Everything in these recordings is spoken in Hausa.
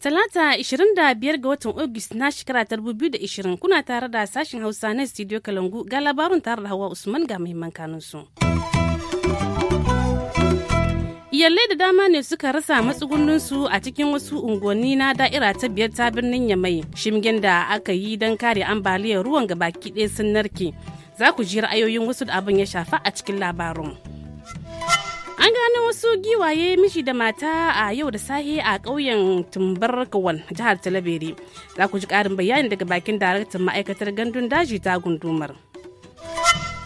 Talata 25 ga watan August na shekara 2020 kuna tare da sashen Hausa na studio Kalangu ga labarin tare da Hawa Usman ga muhimman kanunsu. iyalai da dama ne suka rasa matsugunnin su a cikin wasu unguwanni na da'ira ta biyar ta birnin yamai shimgen da aka yi don kare ambaliyar ruwan gabaki ɗaya sun narke za ku ji ra'ayoyin wasu da abin ya shafa a cikin labarin an gano wasu giwaye miji da mata a yau da sahi a ƙauyen tumbar kawan jihar talabere za ku ji ƙarin bayani daga bakin daraktan ma'aikatar gandun daji ta gundumar.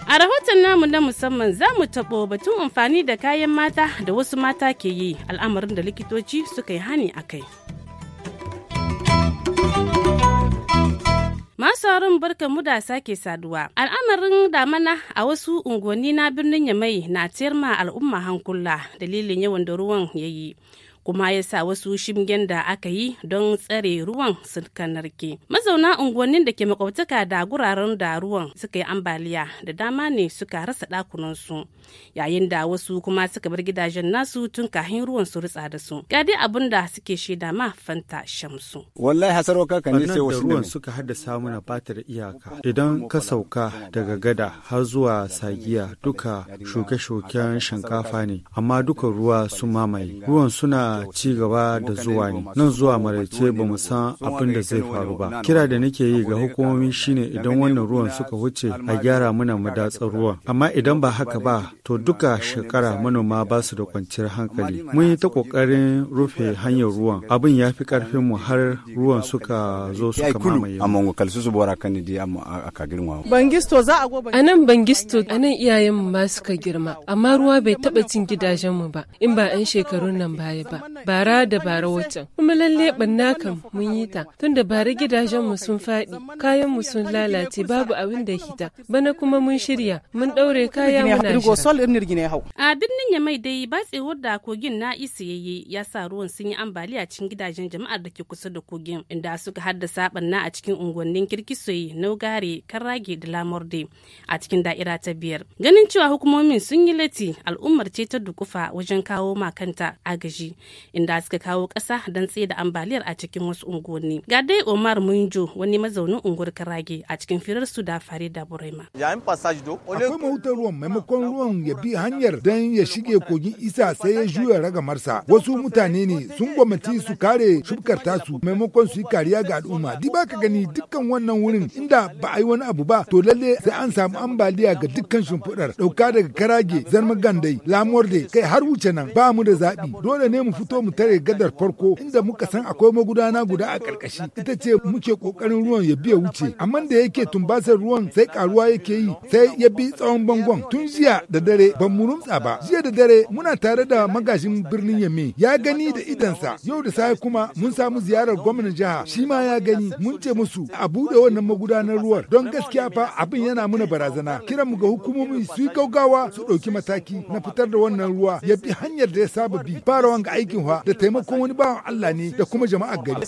A rahoton namu na musamman za mu taɓo batun amfani da kayan mata da wasu mata ke yi al'amarin da likitoci suka yi hani a kai. masu barka mu da sake saduwa. Al'amarin damana a wasu unguwanni na birnin Yamai na tayar ma al'umma hankula dalilin yawan da ruwan yayi kuma ya sa wasu shimgen da aka yi don tsare ruwan sukan narke mazauna unguwannin da ke makwabtaka da guraren da ruwan suka yi ambaliya da dama ne suka rasa su, yayin da wasu kuma suka bar gidajen nasu tun kahin ruwan su rutsa da su ga dai abin da suke shaida ma fanta shamsu wallahi hasarwa kaka ne sai ruwan suka haddasa mana bata da iyaka idan ka sauka daga gada har zuwa sagiya duka shuke-shuken shinkafa ne amma duka ruwa sun mamaye ruwan suna ci gaba da zuwa ne nan zuwa maraice ba mu san abin da zai faru ba kira da nake yi ga hukumomi shine idan wannan ruwan suka wuce a gyara muna madatsar ruwa amma idan ba haka ba to duka shekara manoma ba su da kwanciyar hankali mun yi ta kokarin rufe hanyar ruwan abin ya fi karfin mu har ruwan suka zo suka mamaye bangisto za a gobe anan bangisto anan iyayen mu ba suka girma amma ruwa bai taba cin gidajen mu ba in ba an shekarun nan baya ba bara da bara watan kuma lalle banna kan mun yi ta tunda bara gidajen mu sun faɗi kayan mu sun lalace babu abin da hita bana kuma mun shirya mun ɗaure kaya muna shira. a birnin ya mai dai ba tsewar da kogin na isa yayi ya sa ruwan sun yi ambaliya cikin gidajen jama'ar da ke kusa da kogin inda suka haddasa banna a cikin unguwannin kirkisoyi naugare karrage da lamurde a cikin da'ira ta biyar ganin cewa hukumomin sun yi lati al'ummar ce ta dukufa wajen kawo makanta agaji inda suka kawo ƙasa don tsaye da ambaliyar a cikin wasu unguwanni. Ga dai Omar Munjo wani mazaunin unguwar Karage a cikin firar su da fare da Burema. Akwai mahutar ruwan maimakon ruwan ya bi hanyar don ya shige kogin isa sai ya juya ragamarsa. Wasu mutane ne sun gwamnati su kare shubkar tasu maimakon su yi kariya ga al'umma. Di ba ka gani dukkan wannan wurin inda ba a yi wani abu ba to lalle sai an samu ambaliya ga dukkan shimfiɗar ɗauka daga Karage, Zarmagandai, Lamorde kai har wuce nan ba mu da zaɓi dole ne mu fito mu tare gadar farko inda muka san akwai magudana guda a karkashi ita ce muke kokarin ruwan ya biya wuce amma da yake tumbasar ruwan sai karuwa yake yi sai ya bi tsawon bangon tun jiya da dare ban mu rumtsa ba jiya da dare muna tare da magajin birnin Yame ya gani da idansa yau da sai kuma mun samu ziyarar gwamnan jiha shi ma ya gani mun ce musu a bude wannan magudanar ruwan don gaskiya fa abin yana muna barazana kiran mu ga hukumomi su yi gaugawa su ɗauki mataki na fitar da wannan ruwa ya bi hanyar da ya saba bi fara wanga aiki aikin fa da taimakon wani bawan Allah ne da kuma jama'ar gari.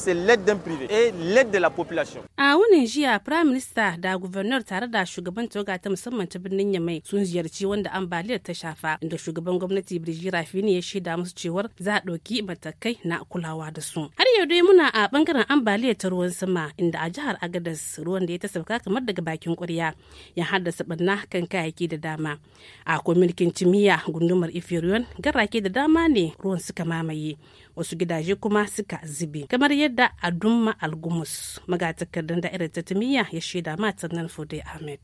A wannan jiya Prime Minister da Governor tare da shugaban toga ta musamman ta birnin Yamai sun ziyarci wanda ambaliyar ta shafa inda shugaban gwamnati Birji Rafini ya shaida musu cewar za a ɗauki matakai na kulawa da su. Har yau dai muna a bangaren ambaliyar ta ruwan sama inda a jihar Agadas ruwan da ya ta sauka kamar daga bakin ƙwarya ya haddasa barna kan kayayyaki da dama. A mulkin kimiyya gundumar Ifiriyon garrake da dama ne ruwan suka mama. 没 wasu gidaje kuma suka zube kamar yadda adumma algumus magatakardar ta tatamiya ya shaida matar nan fode ahmed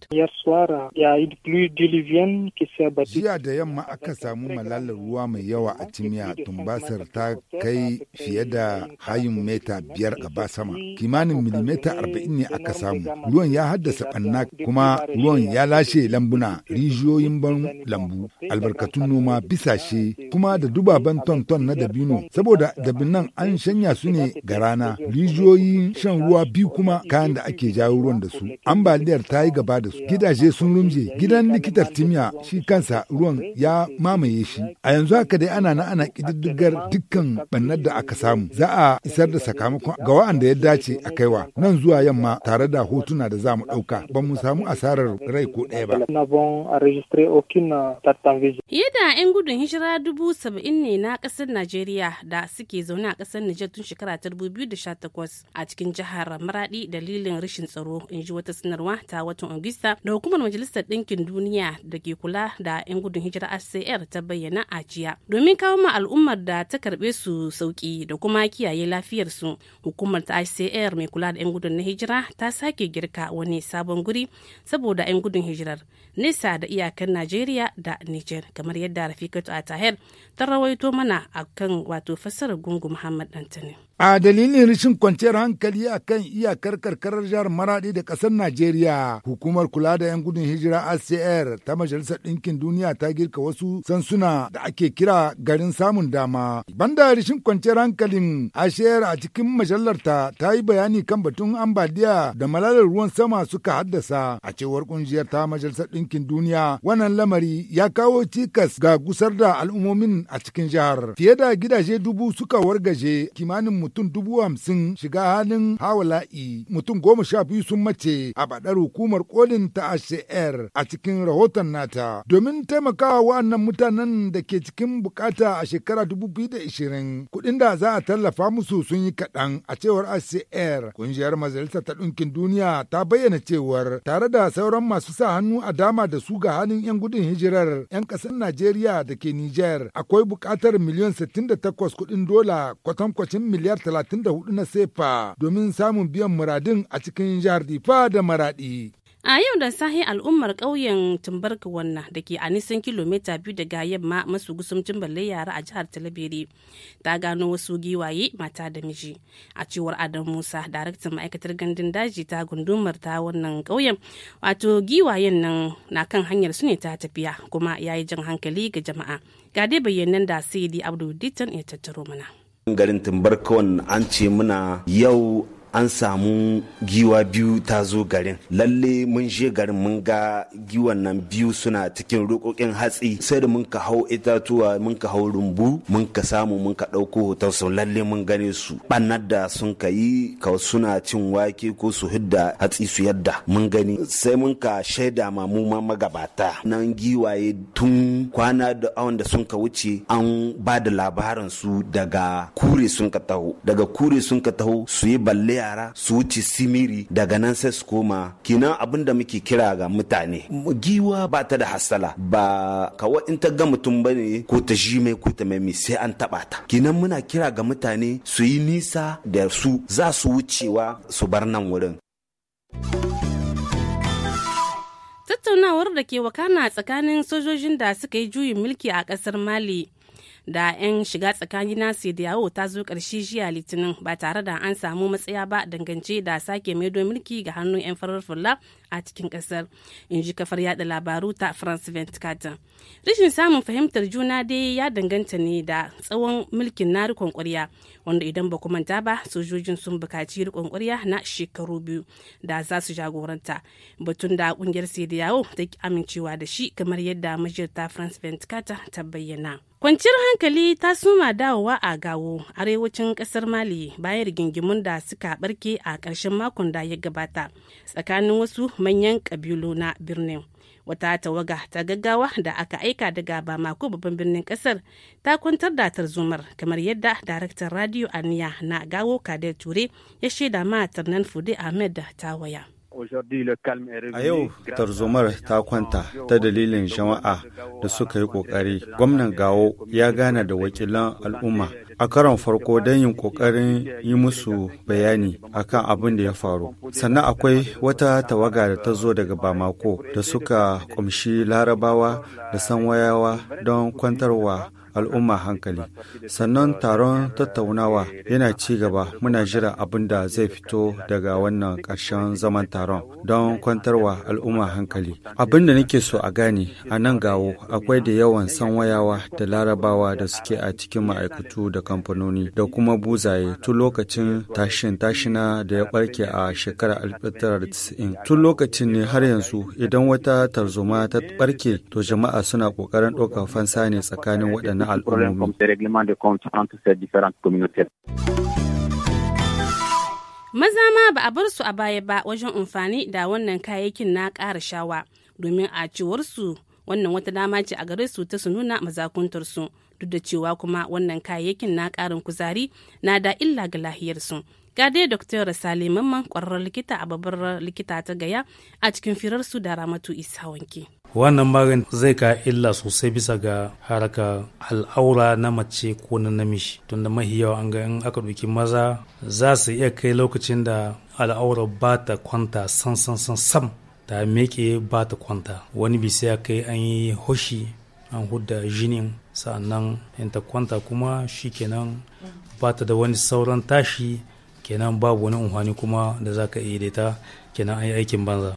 jiya da yamma aka samu malalar ruwa mai yawa a timiya tumbasar ta kai fiye da hayin mita biyar a ba sama kimanin milimita arba'in ne aka samu ruwan ya haddasa ɓanna kuma ruwan ya lashe lambuna rijiyoyin ban lambu albarkatun noma bisashe kuma da ban ton-ton na dabino saboda saboda nan an shanya su ne ga rana rijiyoyin shan ruwa biyu kuma kayan da ake jawo ruwan da su ambaliyar ta yi gaba da su gidaje sun rumje gidan likitar timiya shi kansa ruwan ya mamaye shi a yanzu haka dai ana na ana kididdigar dukkan bannar da aka samu za a isar da sakamakon ga wa'anda ya dace a kaiwa nan zuwa yamma tare da hotuna da za mu ɗauka ba mu samu asarar rai ko ɗaya ba. Yadda 'yan gudun hijira dubu saba'in ne na ƙasar Najeriya da suke zaune a ƙasar Nijar tun shekara ta 2018 a cikin jihar Maradi dalilin rashin tsaro in ji wata sanarwa ta watan Agusta da hukumar Majalisar Ɗinkin Duniya da ke kula da 'yan gudun hijira ACR ta bayyana a jiya. Domin kawo ma al'ummar da ta karɓe su sauƙi da kuma kiyaye lafiyarsu hukumar ta ACR mai kula da 'yan gudun na hijira ta sake girka wani sabon guri saboda 'yan gudun hijirar nesa da iyakar Najeriya da Nijar kamar yadda Rafikatu Atahir ta rawaito mana akan wato fasa fassarar gungu Muhammad Dantani. a dalilin rashin kwanciyar hankali a kan iyakar karkarar jihar maradi da kasar najeriya hukumar kula da 'yan gudun hijira acr ta majalisar ɗinkin duniya ta girka wasu sansuna da ake kira garin samun dama banda rashin kwanciyar hankalin acr a cikin majallarta ta yi bayani kan batun ambaliya da malalar ruwan sama suka haddasa a cewar kungiyar ta majalisar ɗinkin duniya wannan lamari ya kawo cikas ga gusar da al'ummomin a cikin jihar fiye da gidaje dubu suka wargaje kimanin mutum dubu hamsin shiga halin hawala'i mutum goma sha biyu sun mace a baɗar hukumar kolin ta HCR a cikin rahoton nata. Domin taimakawa wa'annan mutanen da ke cikin bukata a shekara dubu biyu da ishirin kuɗin da za a tallafa musu sun yi kaɗan a cewar HCR. Kungiyar Majalisar ta Ɗinkin Duniya ta bayyana cewar tare da sauran masu sa hannu a dama da su ga halin 'yan gudun hijirar 'yan ƙasar Najeriya da ke Nijar akwai buƙatar miliyan 68 kuɗin dola kwatankwacin miliyar 34 na sefa domin samun biyan muradin a cikin jihar Difa da Maradi. A yau da sahi al'ummar ƙauyen Tumbarka wannan da ke a nisan kilomita biyu daga yamma masu gusumcin balle yara a jihar Talabere ta gano wasu giwaye mata da miji. A cewar Adam Musa, daraktan ma'aikatar gandun daji ta gundumar ta wannan ƙauyen, wato giwayen nan na kan hanyar su ne ta tafiya kuma ya yi jan hankali ga jama'a. Ga dai bayyanan da Sidi Abdul Ditton ya tattaro mana. garin timbarkon an ce muna yau an samu giwa biyu ta zo garin lalle mun je garin mun ga giwan nan biyu suna cikin rukokin hatsi sai da mun ka hau itatuwa mun ka hau rumbu mun ka samu mun ka ɗauko hoton su lalle mun gane su bannar da sun ka yi ka suna cin wake ko su hidda hatsi su yadda mun gani sai mun ka shaida ma mu ma magabata nan giwaye tun kwana da awon da sun ka wuce an ba da labarin su daga kure sun ka taho daga kure sun ka taho su yi balle yara su wuce simiri daga nan sai su koma kinan abin da muke kira ga mutane giwa ba ta da hasala ba kawa in ta ga mutum bane ko ta ji mai ko ta mai sai an taba ta kinan muna kira ga mutane su yi nisa da su za su wucewa su bar nan wurin tattaunawar da ke wakana tsakanin sojojin da suka yi juyin mulki a kasar mali da 'yan shiga tsakani na yawo ta zo ƙarshe jiya litinin ba tare da an samu matsaya ba dangance da sake maido mulki ga hannun 'yan farar fulla a cikin kasar in ji kafar yada labaru ta france 24 rashin samun fahimtar juna dai ya danganta ne da tsawon mulkin na rikon kwarya wanda idan ba manta ba sojojin sun bukaci rikon kwarya na shekaru biyu da za su jagoranta batun da kungiyar yawo ta amincewa da shi kamar yadda majiyar ta france 24 ta bayyana kwanciyar hankali ta suma dawowa a gawo arewacin kasar mali bayan rigingimun da suka barke a ƙarshen makon da ya gabata tsakanin wasu manyan kabilu na birnin wata tawaga ta gaggawa da aka aika daga bamako babban birnin kasar ta kwantar da tarzomar kamar yadda daraktan radio aniya na gawo kadir ture ya shaida ma tarnan fude ahmed ta waya A yau tarzomar ta kwanta ta dalilin jama'a da suka yi ƙoƙari. Gwamnan Gawo ya gana da wakilan al'umma a karon farko don yin ƙoƙarin yi musu bayani akan abin da ya faru. Sannan akwai wata tawaga da ta zo daga Bamako da suka kumshi larabawa da sanwayawa don kwantarwa al'umma hankali sannan taron tattaunawa yana ci gaba muna jira abin da zai fito daga wannan ƙarshen zaman taron don kwantarwa al'umma hankali abin da nake so a gane a nan gawo akwai da yawan sanwayawa da larabawa da suke a cikin ma'aikatu da kamfanoni da kuma buzaye tun lokacin tashin tashina da ya barke a shekarar 1990 tun lokacin ne har yanzu idan wata tarzoma ta barke to jama'a suna ƙoƙarin ɗaukar fansa ne tsakanin waɗannan na al'ummomi. Maza ma ba a bar su a baya ba wajen amfani da wannan kayayyakin na ƙara shawa domin a ciwarsu wannan wata dama ce a gare su ta su nuna mazakuntarsu duk da cewa kuma wannan kayayyakin na ƙarin kuzari na da illa ga lahiyarsu. Ga dai Dr. Sale Mamman ƙwararren likita a babbar likita ta gaya a cikin firarsu da Ramatu Isa Wanke. wannan magani zai ka illa sosai bisa ga haraka al'aura na mace ko na namiji tunda mahi yawa an ga in aka ɗauki maza za su iya kai lokacin da al'aura ba ta kwanta san san san sam ta meke ba ta kwanta wani bisa ya kai an yi hoshi an hudda jinin sa'annan in ta kwanta kuma shi kenan ba ta da wani sauran tashi kenan babu wani unhwani kuma da za ka iya kenan an yi aikin banza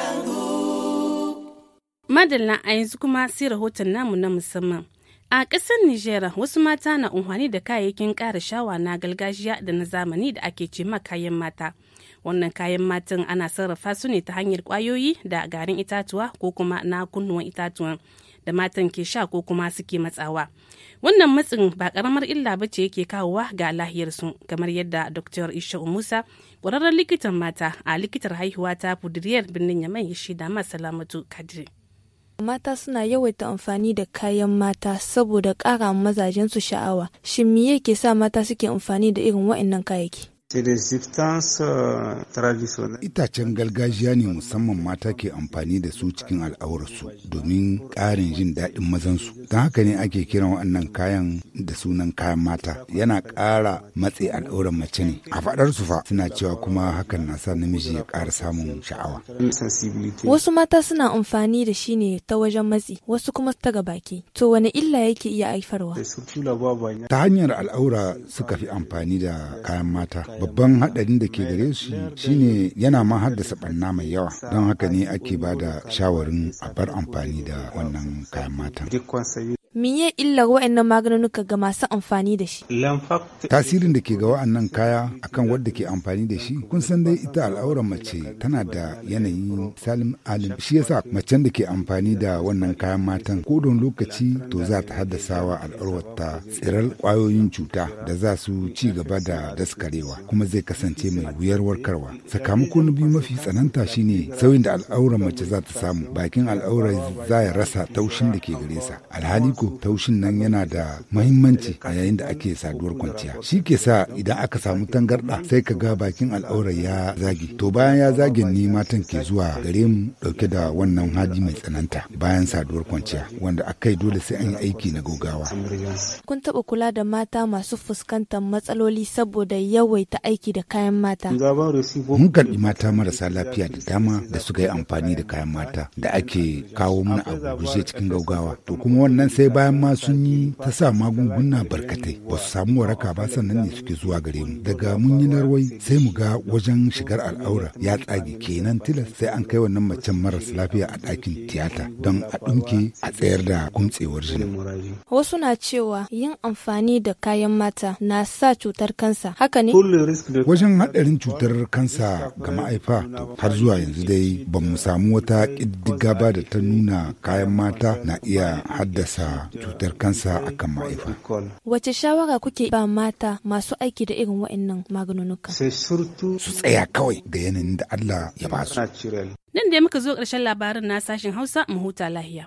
madalla a yanzu kuma sai rahoton namu na musamman a ƙasar nigeria wasu mata na unhwani da kayayyakin ƙara shawa na gargajiya da na zamani da ake ce ma kayan mata wannan kayan matan ana sarrafa su ne ta hanyar kwayoyi da garin itatuwa ko kuma na kunnuwan itatuwan da matan ke sha ko kuma suke matsawa wannan matsin ba karamar illa ba ce yake kawowa ga lahiyarsu kamar yadda dr isha'u musa ƙwararren likitan mata a likitar haihuwa ta fudiriyar birnin yamai ya shaida ma salamatu kadiri Mata suna yawaita amfani da kayan mata saboda ƙara su sha'awa. Shin me yake sa mata suke amfani da irin wa'annan kayayyaki? Euh, Itacen gargajiya ne musamman mata ke amfani da su cikin al'aurarsu domin ƙarin jin daɗin mazansu. Don haka ne ake kiran waɗannan kayan da sunan kayan mata yana ƙara matse al'aurar mace ne. A faɗar su fa suna cewa kuma hakan na sa namiji ya ƙara samun sha'awa. Wasu mata suna amfani da shi ne ta wajen matsi, wasu kuma ta ga baki. To wani illa yake iya haifarwa? Ta hanyar al'aura suka fi amfani da kayan mata. babban haɗarin da ke gare shi shine yana ma haddasa ɓanna mai yawa don haka ne ake ba da shawarin a bar amfani da wannan kayan matan Miye illar wa'annan maganunuka ga masu amfani da shi? Tasirin da ke ga wa'annan kaya akan wadda ke amfani da shi, kun san dai ita al'aurar mace tana da yanayi salim alim. Shi yasa macen da ke amfani da wannan kayan matan ko don lokaci to za ta haddasa wa al'aurarta tsirar kwayoyin cuta da za su ci gaba da daskarewa kuma zai kasance mai wuyar warkarwa. sakamakon biyu mafi tsananta shine sauyin da al'aurar mace za ta samu bakin al'aurar za ya rasa taushin da ke gare sa. Alhali iko taushin nan yana da mahimmanci a yayin da ake saduwar kwanciya shi ke sa idan aka samu tangarɗa sai ka ga bakin al'aurar ya zage to bayan ya zage ni matan ke zuwa gare mu ɗauke da wannan haji mai tsananta bayan saduwar kwanciya wanda akai dole sai an yi aiki na gogawa kun taɓa kula da mata masu fuskantar matsaloli saboda yawaita aiki da kayan mata mun karɓi mata marasa lafiya da dama da suka yi amfani da kayan mata da ake kawo mana a gurguje cikin gaugawa to kuma wannan sai bayan ma sun yi ta sa magunguna barkatai ba su samu waraka ba sannan ne suke zuwa gare mu daga mun yi narwai sai mu ga wajen shigar al'aura ya tsage kenan tilas sai an kai wannan macen maras lafiya a ɗakin tiyata don a ɗinke a tsayar da kumtsewar jini. Wasu na cewa yin amfani da kayan mata na sa cutar kansa haka ne? Wajen haɗarin cutar kansa ga ma'aifa har zuwa yanzu dai ba mu samu wata ƙiddiga ba da ta nuna kayan mata na iya haddasa cutar kansa akan ma'aifa. Wace shawara kuke ba mata masu aiki da irin waɗannan maganunuka? Su tsaya kawai ga yanayin da Allah ya ba su. Nan da muka zo ƙarshen labarin na sashen Hausa mu huta lahiya.